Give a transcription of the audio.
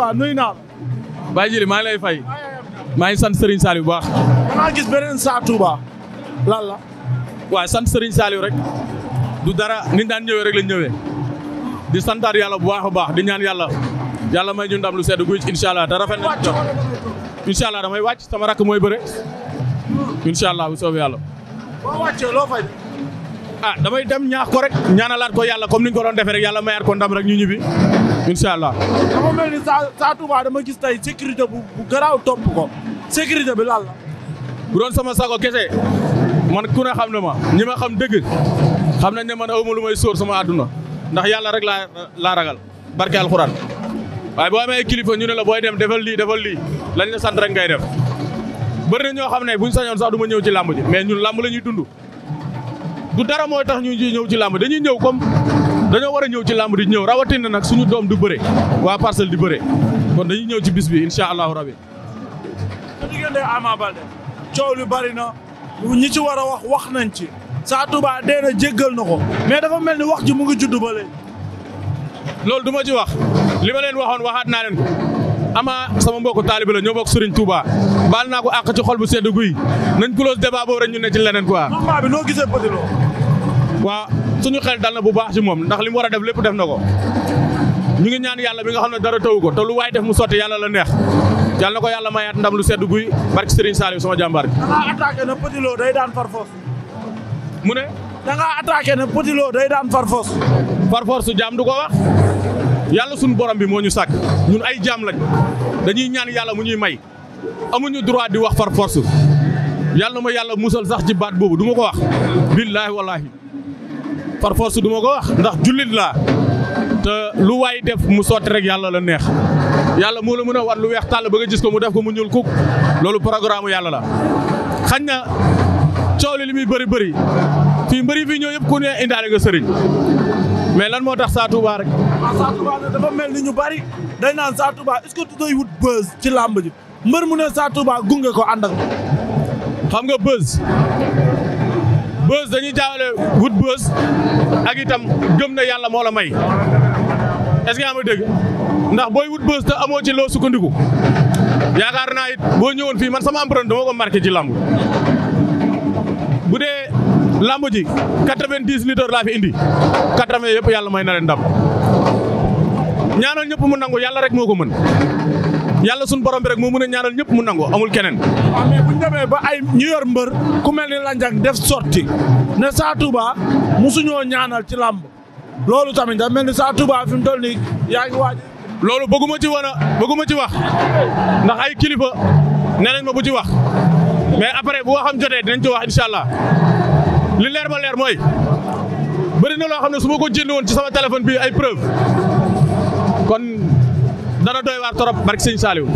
quoi nuyu naa la. Baye Jili maa ngi lay fay. maa ngi sant Serigne Saliou bu baax. maa gis beneen Sa Touba lan la. waa sant Serigne Saliou rek. du dara ni daan ñëwee rek lañ ñëwee. di santaat yàlla bu baax a baax di ñaan yàlla. yàlla may ñu ndam lu sedd guy incha allah te rafet na allah damay wàcc sama rakk mooy bëre. incha allah bu soobee yàlla. boo wàccee loo fay. ah damay dem ñaax ko rek. ñaanalaat ko yàlla comme ni ko doon defee rek yàlla mayaat ko ndam rek ñu ñibbi. incha allah. dafa mel ni saa saa Touba dama gis tey sécurité bu bu garaaw topp ko sécurité bi lan la. bu doon sama sago kese man ku ne xam ne ma ñi ma xam dëgg xam nañ ne man awma lu may sóor sama àdduna ndax yàlla rek laa laa ragal barke alxuraan waaye boo amee kilifa ñu ne la booy dem defal lii defal lii lañ la sant rek ngay def. bëri na ñoo xam ne buñ sañoon sax du ma ñëw ci làmb ji mais ñun làmb la ñuy dund du dara mooy tax ñu ñëw ci làmb dañuy ñëw comme dañoo war a ñëw ci làmb di ñëw rawatina nag suñu doom du bëre waa parcelle di bëre kon dañuy ñëw ci bis bi incha allahu rabi. su diggante Ama Baldé coow lu bari na ñi ci war a wax wax nañ ci. Sa Touba dee na jéggal na ko mais dafa mel ni wax ji mu ngi judd ba léegi. loolu du ma wax li ma leen waxoon waxaat naa leen ko ama sama mbokku taalibe la ñoo bokk Serigne Touba baal naa ko àq ci xol bu sedd guy nañ close débat boobu rek ñu ne ci leneen quoi. combat bi noo gisee Petit Lo. waaw suñu xel dal na bu baax ci moom ndax li mu war a def lépp def na ko ñu ngi ñaan yàlla bi nga xam ne dara tawu ko te lu waaye def mu sotti yàlla la neex yàlla na ko yàlla mayaat ndam lu sedd guy barki Serigne Saliou sama jàmbaar gi. da na Petit Lo day daan far force. mu ne. da ngaa na Petit Lo day daan far force. far force jaam du ko wax yàlla suñu borom bi moo ñu sàkk ñun ay jaam lañ dañuy ñaan yàlla mu ñuy may amuñu droit di wax far yàlla na ma yàlla musal sax ci baat boobu duma ko wax billaahi wallaahi par force du ko wax ndax jullit laa te lu waay def mu sotti rek yàlla la neex yàlla moo la mën a war lu weex tàll ba nga gis ko mu def ko mu ñuul kuk loolu programme yàlla la xañ na coow li muy bëri bëri fii mbëri fii ñoo yëpp ku ne indaale nga sëriñ mais lan moo tax Sa Touba rek Sa Touba dafa mel ni ñu bari day naan saa Touba est-ce wut buzz ci làmb ji mbër mu ne Sa ko ànd xam nga buzz buzz dañuy jaawale wut buzz ak itam gëm na yàlla moo la may est-ce que ma dégg ndax booy wut buzz te amoo ci loo sukkandiku yaakaar naa it boo ñëwoon fii man sama empreinte dama ko marqué ci lamb bu dee lamb ji quatre-vingt-dix litres laa fi indi quatre-vingts yëpp yàlla may na leen ndam ñaanal ñëpp mu nangu yàlla rek moo ko mën yàlla suñu borom bi rek moo mun a ñaanal ñëpp mu nangu amul keneen. waaw mais bu ñu demee ba ay ñu yor mbër ku mel ni Landiang def sorti ne Sa Touba musuñoo ñaanal ci làmb loolu tamit da mel ni Sa Touba fi mu toll nii yaa ngi waaj. loolu bëgguma ci wana bëgguma ci wax ndax ay kilifa ne nañ ma bu ci wax mais après bu waxam jotee dinañ ci wax incha allah li leer ma leer mooy bëri na loo xam ne su ma ko jënd woon ci sama téléphone bi ay preuve kon. dana doy waar torop barke sëñ Saliou